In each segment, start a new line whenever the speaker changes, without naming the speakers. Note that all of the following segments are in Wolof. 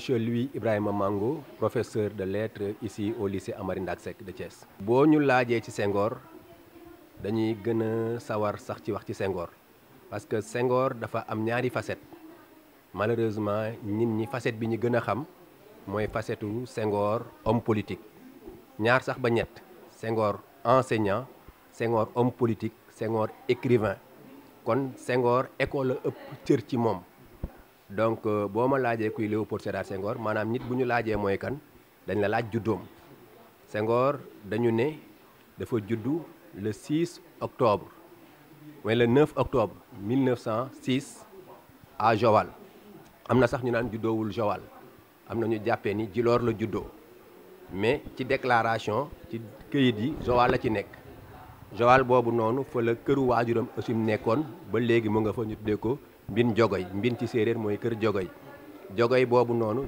monsieur Louis Ibrahima Mango professeur de lettres ici au lycée Amary Ndack Seck de Thiès. boo ñu laajee ci sengoor dañuy gën a sawar sax ci wax ci sengoor parce que Senghor dafa am ñaari facette malheureusement nit ñi facette bi ñu gën a xam mooy facette sengoor Senghor homme ñaar sax ba ñett sengoor enseignant Senghor homme politique Senghor écrivain kon sengoor école la ëpp cër ci moom. donc euh, boo ma laajee kuy Léopold Sédar Senghor maanaam nit bu ñu laajee mooy kan dañ la laaj juddoom sengoor dañu ne dafa juddu le 6 octobre mooy la 9 octobre 1906 à Joal am na sax ñu naan juddoowul Joal am na ñu jàppee ni Djilor la juddoo mais ci déclaration ci këyit yi Joal la ci nekk Joal boobu noonu fa la këru waajuram aussi nekkoon ba léegi mu nga fa ñu tuddee ko mbin jogoy mbin ci séeréer mooy kër jogoy jogoy boobu noonu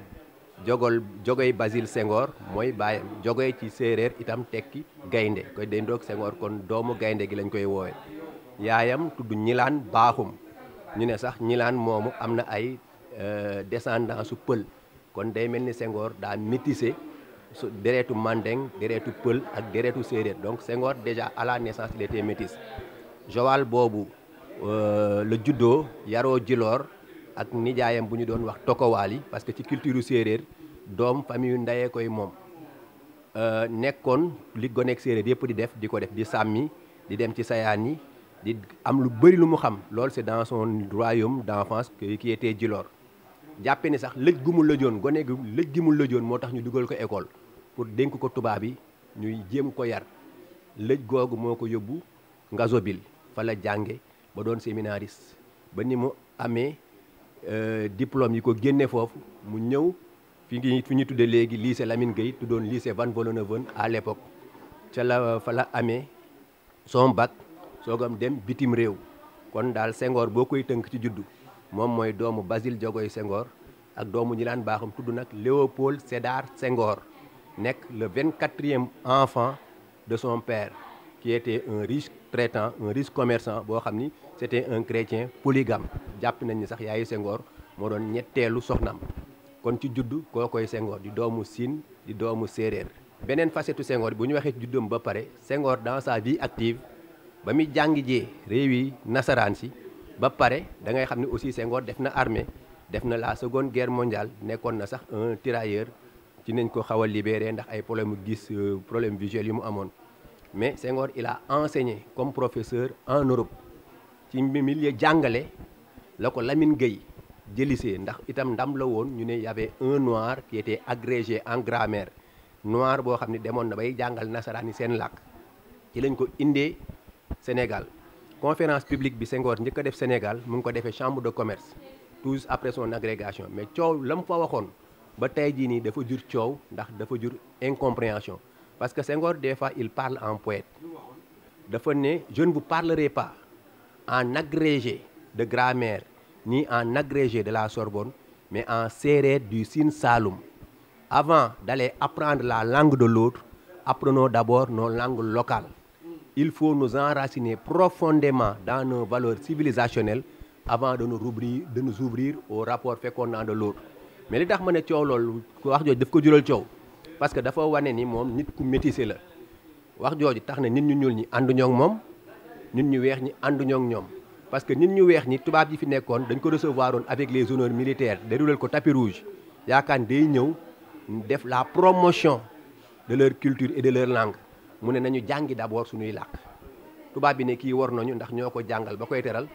jogol jogoy Basile sengoor mooy baayam jogoy ci séeréer itam tekki gaynde koy dendoog Senghor kon doomu gaynde gi lañ koy woowe yaayam tudd ñilaan baaxum ñu ne sax ñilaan moomu am na ay euh, descendance su pël kon day mel ni sengoor daa métissé su deretu mandeng deretu pël ak deretu séeréer donc sengoor déjà à la naissance il était métis boobu Euh, la juddoo yaroo jiloor ak nijaayam bu ñu doon wax tokowaal yi parce que ci culture séeréer doom famille ndayee koy moom euh, nekkoon li goneeg séeréer yëpp di def di ko def di sàmmi di dem ci sayaan yi di am lu bëri lu mu xam lool c'est dans son royaume d'enfance qui était jiloor jàppe ni sax lëj gu mu lëjoon gone lëj gi mu lëjoon moo tax ñu dugal ko école pour dénk ko tubaab yi ñuy jéem ko yar lëj googu moo ko yóbbu Ngazobil fa la jànge ba doon séminariste ba ni mu amee euh, diplôme yi ko génne foofu mu ñëw fi ngi fi ñu tudde léegi lycée Lamine Gueye tuddoon lycée Van Vollenhoven à l'époque ca la fa la amee son bac soogam dem bitim réew kon daal sengoor boo koy tënk ci juddu moom mooy doomu Basile Diogoye sengoor ak doomu ñi laan baaxam tudd nag Léopold Sédar sengoor nekk le vingt-quatrième enfant de son père qui était un riche traitant un riche commerçant boo xam ni c'était un chrétien polygame jàpp nañ ni sax yaayu sengoor moo doon ñetteelu soxnaam kon ci juddu koo koy Senghor di doomu Sine di doomu séeréer beneen facette sengoor bu ñu waxee juddam ba pare Senghor dans sa vie active ba muy jàng jee réew yi nasaraan si ba pare da ngay xam ne aussi sengoor def na armée def na la seconde guerre mondiale nekkoon na sax un tirailleur ci nañ ko xaw a libéré ndax ay problème gis euh, problème visuel yu mu amoon mais Senghor il a comme professeur en Europe ci milieu jàngale la ko Lamine Gueye jëlisee ndax itam ndam la woon ñu ne y avait un noir qui était agrégé en grammaire noir boo xam ne demoon na bay jàngal nasaraan yi seen làkk ci lañ ko indee Sénégal conférence publique bi sengoor njëkk def Sénégal mu ngi ko defee chambre de commerce tous après son agrégation mais coow la mu fa waxoon ba tey jii nii dafa jur coow ndax dafa jur incompréhension parce que Senghor des fois il parle en poète dafa ne jeune bu vous parlerai pas en agrégé de grammaire ni en agrégé de la Sorbonne mais en séeréer du Sine Saloum avant d'aller apprendre la langue de l'autre apprenons d'abord nos langues locales il faut nu nous enraciner profondément dans valeur valeurs civilisationnelles avant de nous rouvrir de nous ouvrir au rapport fécondant de l'autre mais li tax ma ne coow loolu wax jooju daf ko jural coow parce que dafa wane ni moom nit ku métissé la wax jooju tax na nit ñu ñuul ñi ànduñoo ak moom nit ñu weex ñi ànduñoo ak ñoom parce que nit ñu weex ñi tubaab yi fi nekkoon dañ ko recevoir on avec les honneurs militaires déroulé ko tapis rouge yaakaan day ñëw def la promotion de leur culture et de leur langue mu ne nañu jàngi d'abord suñuy làkk tubaab bi ne kii war nañu ndax ñoo ko jàngal ba koy teral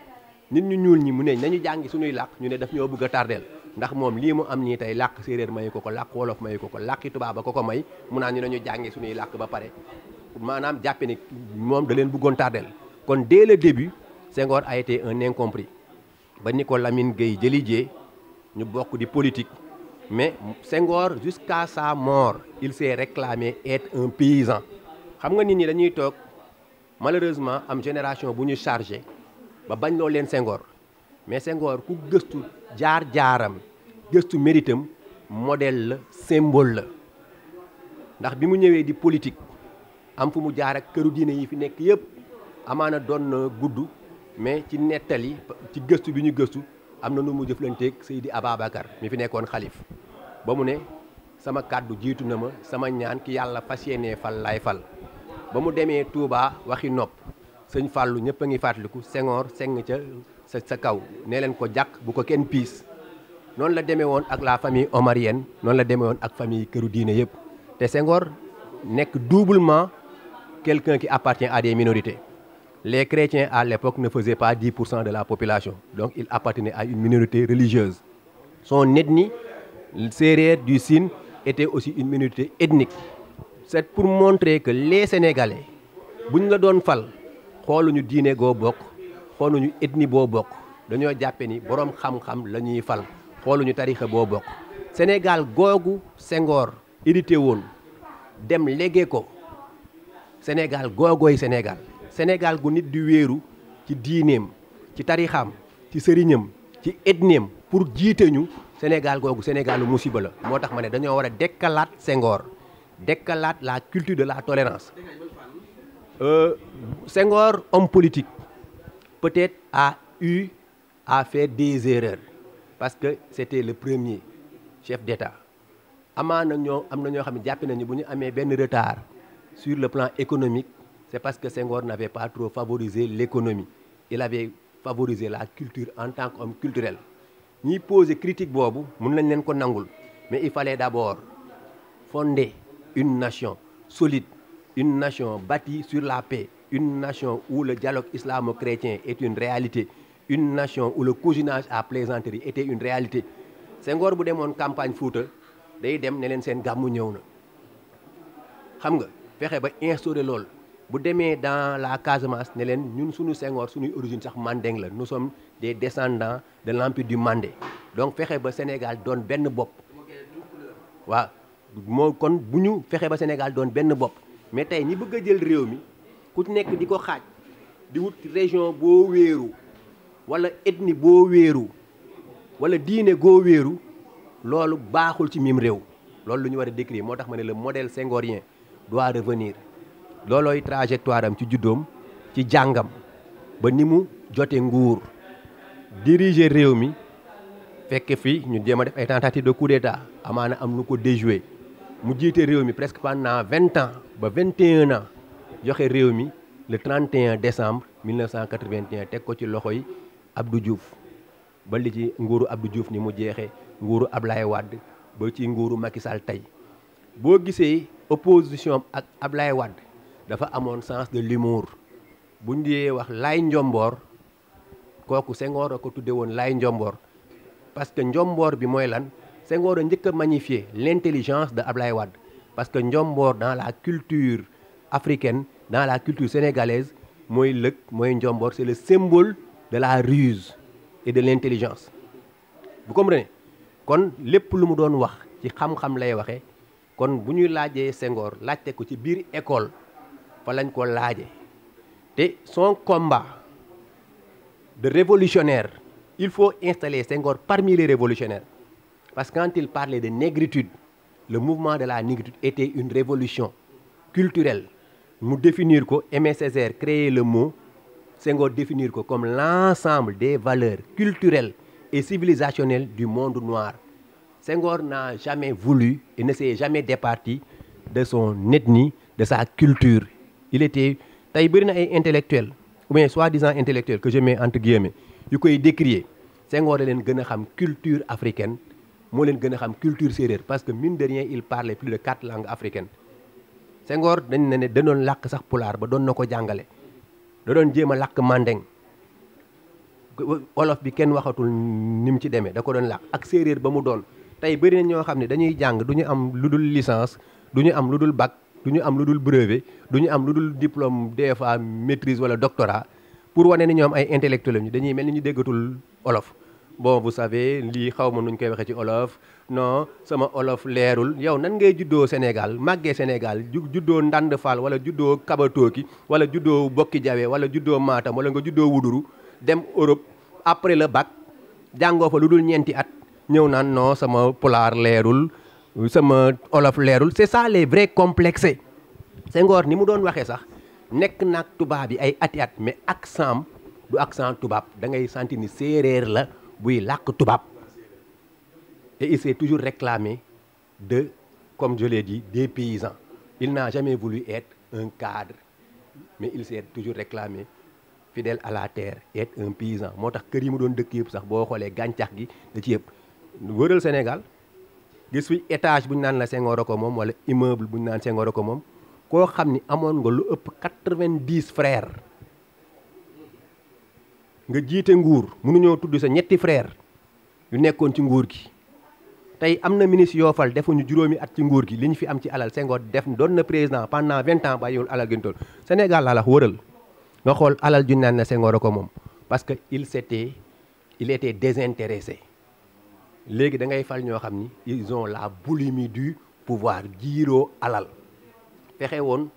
nit ñu ñuul ñi mu ne nañu jàngi suñuy làkk ñu ne daf ñoo bëgg a tardeel ndax moom lii mu am nii tey làkk séeréer mayu ko ko làkk wolof mayu ko ko làkki tubaab ko ko may mu naan ñu dañu jàngee suñuy làkk ba pare maanaam jàppe ni moom da leen bëggoon tardel kon dès le début sengoor a été un incompris ba ni ko Lamine Gueye jëlijee ñu bokk di politique mais Senghor jusqu'à sa mort il s'est réclamé être un paysan xam nga nit ñi dañuy toog malheureusement am génération bu ñu chargé ba bañ loo leen Senghor mais sengoor ku gëstu jaar-jaaram gëstu méritam model la symbole la ndax bi mu ñëwee di politique am fu mu jaar ak këru diine yi fi nekk yëpp amaana doon na gudd mais ci nettali ci gëstu bi ñu gëstu am na nu mu jëflanteeg Seydi Ababacar mi fi nekkoon xalif ba mu ne sama kàddu jiitu na ma sama ñaan ki yàlla fas yéenee fal laay fal ba mu demee tuuba waxi nopp sëñ fallu ñëpp a ngi fàttaliku Senghor seng ca sa sa kaw nee leen ko jàkk bu ko kenn piis noonu la demee woon ak la famille omarienne noonu la demee woon ak famille këru diine yëpp te Senghor nekk doublement quelqu'un qui appartient à des minorités les chrétiens à l'époque ne faisaient pas 10 pour cent de la population donc il appartenait à une minorité religieuse son ethnie séeréer du Sine était aussi une minorité ethnique c'est pour montrer que les Sénégalais bu la doon fal xooluñu diine goo bokk xooluñu ethnie boo bokk dañoo jàppe ni boroom xam-xam la ñuy fal ñu tarixa boo bokk Sénégal googu sengoor irrité woon dem léggee ko Sénégal googooy Sénégal Sénégal gu nit di wéeru ci diineem ci tarixaam ci sëriñam ci ethnieem pour jiite ñu Sénégal googu Sénégalu musiba la moo tax ma ne dañoo war a dekkalaat sengoor dekkalaat la culture de la tolérance euh, sengoor homme politique peut-être a u à faire des erreurs parce que c'était le premier chef d'État amaan nag ñoo am na ñoo xam ne jàpp nañu bu ñu amee benn retard sur le plan économique c'est parce que Senghor n'avait pas trop favorisé l'économie il avait favorisé la culture en tant que qu'homme culturel ñiy poser critique boobu mun nañ leen ko nangul mais il fallait d'abord fonder une nation solide une nation bâtie sur la paix une nation où le dialogue islamo-chrétien et une réalité une nation où le cousinage à plaisanterie été une réalité sengoor bu demoon campagne Fouta day dem ne leen seen gàmmu ñëw na xam nga fexe ba instauré lool bu demee dans la Casamance ne leen ñun suñu sengoor suñuy origine sax mandeng la nous sommes des descendants de l'empire du Mandé donc fexe ba Sénégal doon benn bopp waa moo kon bu ñu fexe ba Sénégal doon benn bopp mais tey ñi bëgg jël réew mi ku nekk di ko xaaj di wut région boo wéeru wala etni boo wéeru wala diine goo wéeru loolu baaxul ci mim réew loolu lu ñu war a décrire moo tax ma ne le modèle senghorien doit revenir loolooy trajectoire am ci juddoom ci jàngam ba ni mu jote nguur diriger réew mi fekk fii ñu jéem a def ay tentative de coup d'état amaana am nu ko déjoué mu jiite réew mi presque pendant vingt ans ba vingt et un ans joxe réew mi le 31 décembre 1981 teg ko ci loxo yi Abdou Diouf ba li ci nguuru Abdou juuf ni mu jeexee nguuru Ablaye Wade ba ci nguuru Macky Sall tey boo gisee opposition ak Ablaye Wade dafa amoon sens de l'humour bu ñu dee wax Laay Njomboor kooku sengoor a ko tudde woon Laay Njomboor parce que Njomboor bi mooy lan Senghor a njëkk a magnifier l'intelligence de Ablaye Wade parce que Njomboor dans la culture africaine dans la culture sénégalaise mooy lëg mooy njomboor c'est le symbole de la ruse et de l'intelligence vous comprenez kon lépp lu mu doon wax ci xam-xam lay waxe kon bu ñuy laajee Senghor laajte ko ci biir école fa lañ ko laajee te son combat de révolutionnaire il faut installer Senghor parmi les révolutionnaires parce que quand il parlait de négritude le mouvement de la négritude était une révolution culturelle mu définir ko MSSR créer le mot Senghor définir ko comme l'ensemble des valeurs culturelles et civilisationnelles du monde noir sengoor naa jamais voulu et ne s'est jamais départi de son ethnie de sa culture il était tey bëri na ay intellectuels ou bien soi-disant intellectuels que je mets entre guillemets yu koy décrier Senghor a leen gën a xam culture africaine moo leen gën a xam culture séeréer parce que mine de il parlait plus de quatre langues africaines Senghor dañ ne ne da doon làkk sax pulaar ba doon na ko jàngale da doon jéem a làkk mandeng olof bi kenn waxatul ni mu ci demee da ko doon làkk ak séeréer ba mu doon tey bëri na ñoo xam ne dañuy jàng du ñu am lu dul licence du ñu am lu dul bac du ñu am lu dul brevet du ñu am lu dul diplôme des fois maîtrise wala doctorat pour wane ni ñoom ay intellectuel ñu dañuy mel ni ñu déggatul olof bon vous savez lii xaw ma nuñ koy waxee ci olof non sama olof leerul yow nan ngay juddoo Sénégal màggee Sénégal juddoo Ndande Fall wala juddoo Kabatooki wala juddoo Bokki Jawe wala juddoo Matam wala nga juddoo Wuduru dem Europe après la bac jàngoo fa lu dul ñeenti at ñëw naan noo sama pulaar leerul sama olof leerul c'est ça les vrais complexés Senghor ni mu doon waxee sax nekk naag tubaab yi ay ati at ak accent du accent tubaab da ngay sentir ni séeréer la buy làkk tubaab te il s'est toujours réclamé de, comme je l'ai dit, des paysans. Il n'a jamais voulu être un cadre, mais il s'est toujours réclamé fidèle à la terre, être un paysan. moo tax kër yi mu doon dëkk yëpp sax boo xoolee gàncax gi da ci yëpp wëral Sénégal gis fi étage bu ñu naan la Senghor ko moom wala immeuble bu ñu naan Senghor ko moom koo xam ni amoon nga lu ëpp quatre-vingt-dix frères nga jiite nguur mënuñoo tudd sa ñetti frères yu nekkoon ci nguur gi tey am na ministre yoo fal defuñu juróomi at ci nguur gi li ñu fi am ci alal Senghor def doon na président pendant vingt ans bàyyiwul alal gën tool Sénégal laa la wëral nga xool alal ju naan na sengoor a ko moom parce que il s'était il était désintéressé léegi da ngay fal ñoo xam ni ils ont la boulimie du pouvoir jiiroo alal fexe woon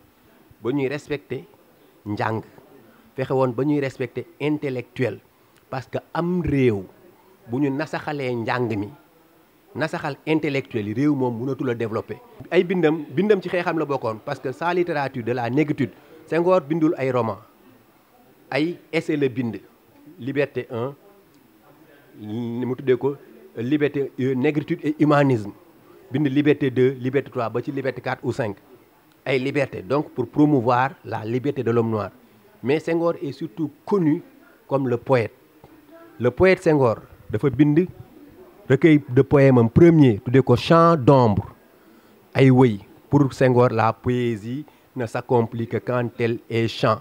ba ñuy respecté njàng fexe woon ba ñuy respecté intellectuel parce que am réew bu ñu nasaxalee njàng mi nasaxal intellectuel yi réew moom mënatul a développé. ay bindam bindam ci xeexam la bokkoon parce que sa littérature de la négritude Senghor bindul ay roman ay essai la bind liberté 1 mu tuddee ko liberté euh, négritude et humanisme bind liberté 2 liberté 3 ba ci liberté 4 ou 5 ay liberté donc pour promouvoir la liberté de l'homme noir mais sengoor et surtout connu comme le poète le poète Senghor dafa bind recueil de poème am premier tuddee ko chan d'ombre ay wëy pour Senghor la poésie ne sa que quand elle est chant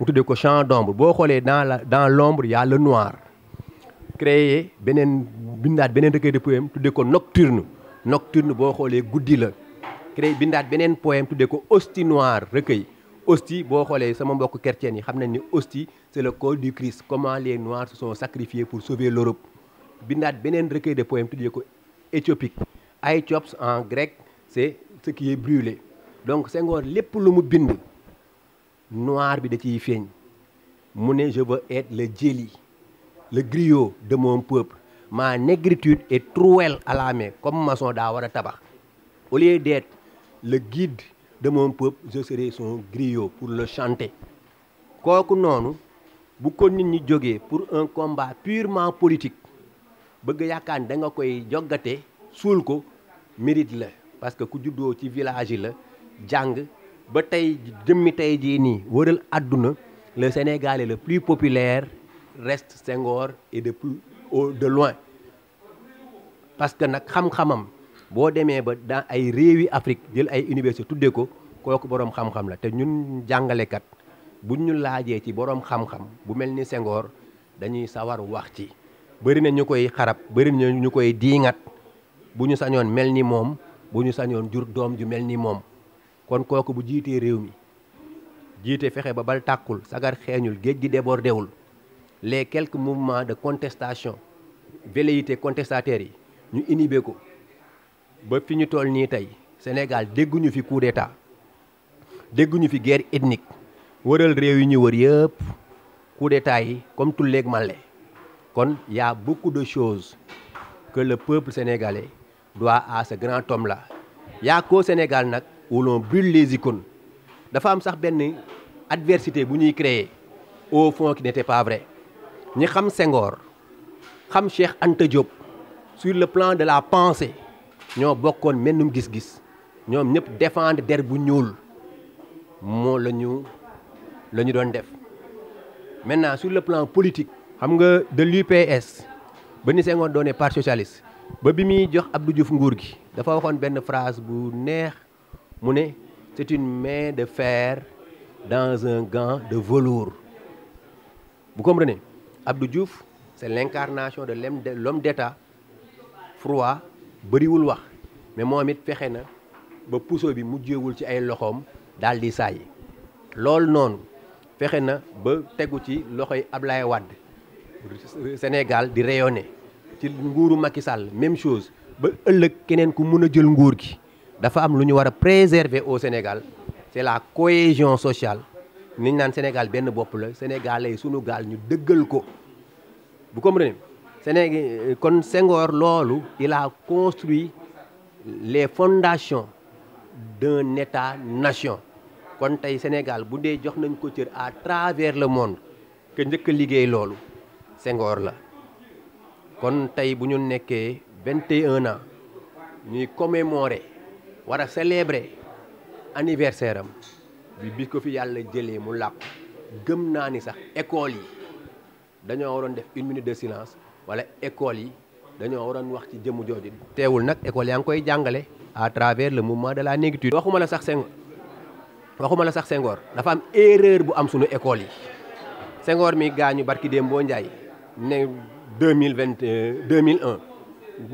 mu tuddee ko champ d'ombre boo xoolee dans la dans l'ombre y a le noir créé beneen bindaat beneen recueil de poème tuddee ko nocturne nocturne boo xoolee guddi la créé bindaat beneen poème tudde ko osti noir recueil osti boo xoolee sama mbokk chrétien yi xam nañ ni osti c'est le corps du Christ comment les noirs se pour sauver l'Europe bindaat beneen recueil de poèmes tuddee ko éthiopique Aïthiopes en grec c'est ce qui est brûlé donc Senghor lépp lu mu bind noir bi da ciy feeñ mu ne je veux être le djeli le griot de mon peuple ma négritude est trouelle à comme mason daa war a tabax au lieu d'être le guide de mon peuple je serai son griot pour le chanter kooku noonu bu ko nit ñi jógee pour un combat purement politique bëgg yaakaar ni danga koy joggate suul ko mérite la parce que ku juddoo ci village yi la jàng ba tey jëmmi tey jii nii wëral àdduna le Sénégalais le plus populaire reste Senghor et de plus au de loin parce que nag xam-xamam boo demee ba dans ay réewi Afrique jël ay université tuddee ko kooku boroom xam-xam la te ñun jàngalekat bu ñu laajee ci boroom xam-xam bu mel ni sengoor dañuy sawar wax ci bëri na ñu koy xarab bëri na ñu koy diingat bu ñu sañoon mel ni moom bu ñu sañoon jur doom ju mel ni moom kon kooku bu jiitee réew mi jiite fexe ba bal tàkkul sagar xeeñul géej gi débordé wul les quelques mouvements de contestation velléité contestataires yi ñu inhibé ko ba fi ñu toll nii tey Sénégal dégguñu fi coup dégguñu fi guerre ethnique wëral réew yi ñu wër yëpp coup d'état yi comme tulleeg màlle kon y a de chose que le peuple sénégalais doit à ce grand homme là y a Sénégal nag où l'on kon dafa am sax benn adversité bu ñuy créer au fond qui n'était pas vrai ñi xam sengoor xam Cheikh Anta Diop sur le plan de la pensée ñoo bokkoon mennum gis-gis ñoom ñëpp défendre der bu ñuul moo la ñu la ñu doon def maintenant sur le plan politique xam nga de l'UPS ba ni Senghor doonee parti socialiste ba bi muy jox Abdou Diouf nguur gi dafa waxoon benn phrase bu neex mu ne c'est mai de fer dans un gant de velours vous comprenez Abdou Diouf c'est l'incarnation de l'homme d'État froid bëriwul wax mais moom it fexe na ba puso bi mujjewul ci ay loxoom daal di saayi loolu noonu fexe na ba tegu ci loxo loxoy Ablaye Wade Sénégal di rayonner ci nguuru Macky Sall même chose ba ëllëg keneen ku mun a jël nguur gi dafa am lu ñu war a préserver au Sénégal c'est la cohésion sociale niñ naan Sénégal benn bopp la Sénégalais sunu gaal ñu dëggal ko vous comprenez Sénégal kon sengoor loolu il a construit les fondations d'un état nation kon tey Sénégal bu dee jox nañ ko cër à travers le monde que njëkk liggéey loolu Senghor la kon tey bu ñu nekkee vingt et un ans ñuy commémorer war a célébrer anniversaire am bi bi ko fi yàlla jëlee mu làqu gëm naa ni sax école yi dañoo waroon def une minute de silance wala école yi dañoo waroon wax ci jëmu jooju teewul nag école yaa ngi koy jàngale à travers le mouvement de la négritude waxuma la sax Senghor waxuma la sax sengoor dafa am erreur bu am sunu école yi sengoor mi gaañu barki démb boo Njaay ne deux mille vingt euh, deux mille un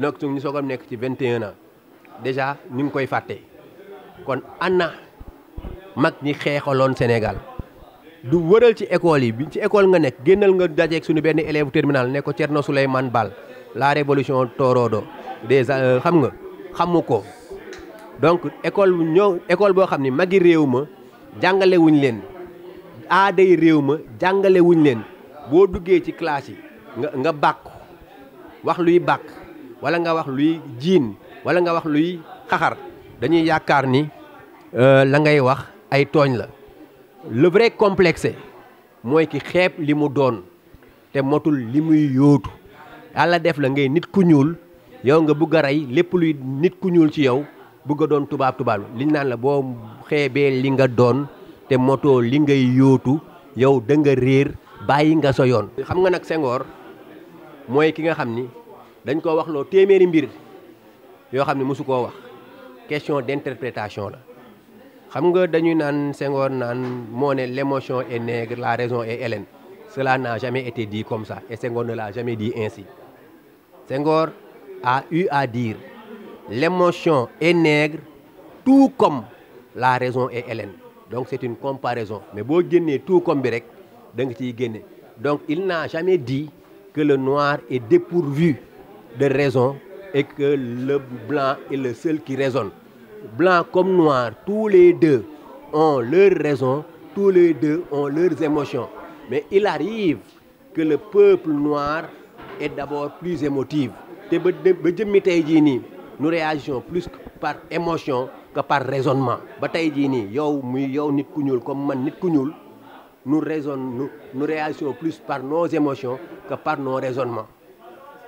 donc ñu soog nekk ci vingt et un ans déjà ñu ngi koy fàtte kon ana mag ñi xeexaloon Sénégal du wëral ci école yi bi ci école nga nekk génnal nga dajeeg suñu benn élève terminal ne ko Thierno Souleymane Bal la révolution torodo des euh, xam nga xamu ko donc école ñoo école boo xam ne magi réew ma jàngale wuñ leen aaday réew ma jàngale wuñ leen boo duggee ci classe yi nga nga bàkku wax luy bàkk wala nga wax luy jiin wala nga wax luy xaxar dañuy yaakaar ni euh, la ngay wax ay tooñ la le vrai mooy ki xeeb li mu doon te motul li muy yóotu yàlla def la ngay nit ku ñuul yow nga bugg a rey lépp luy nit ku ñuul ci yow bugg a doon tubaab tubaab liñ naan la boo xeebee li nga doon te motoo li ngay yóotu yow da nga réer bàyyi nga sa yoon. xam nga nag Senghor mooy ki nga xam ni dañ koo wax loo téeméeri mbir yoo xam ne mosu koo wax question d'interprétation la xam nga dañuy naan Senghor naan moo ne l'émotion est nègre la raison est hellène cela n'a jamais été dit comme sa et Senghor ne l'a jamais dit ainsi Senghor a eu à dire l'émotion est nègre tout comme la raison est hellène donc c'est une comparaison mais boo génnee tout comme bi rek da nga ciy génne donc il n'a jamais dit que le noir est dépourvu de raison et que le blanc est le seul qui raisonne. Blanc comme noir, tous les deux on leur raison, tous les deux ont leurs émotions. Mais il arrive que le peuple noir est d'abord plus te ba émotif. Nous réagissons plus par émotion que par raisonnement. nii yow muy yow nit ku ñuul comme man nit ku ñuul nous, raisonnons, nous, plus par nos émotions que par nos raisonnements.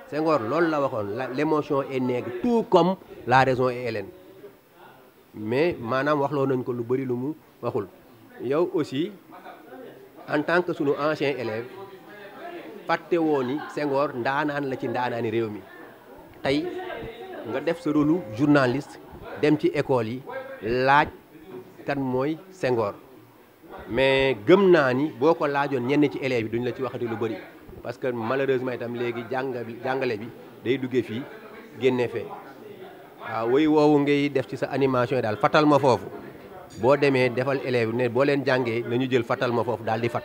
Senghor loolu la waxoon la l'émotion est nègre tout comme la raison est hellène mais maanaam waxloo nañ ko lu bëri lu mu waxul yow aussi en tant que sunu ancien élève fàtte woo ni Senghor ndaanaan la ci ndaanaani réew mi tey nga def sa rôle journaliste dem ci école yi laaj kan mooy Senghor mais gëm naa ni boo ko laajoon ñenn ci élèves yi duñ la ci waxati lu bëri parce que malheureusement itam léegi jàng jàngale bi day duggee fii génnee fee waaw woy woowu ngay def ci sa animation yi daal fatal ma foofu boo demee defal élèves ne boo leen jàngee ñu jël fatal ma foofu daal di fat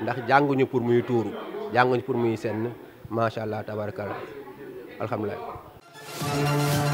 ndax jànguñu pour muy tuuru jànguñu pour muy senn macha allah tabarakalla alhamdulilah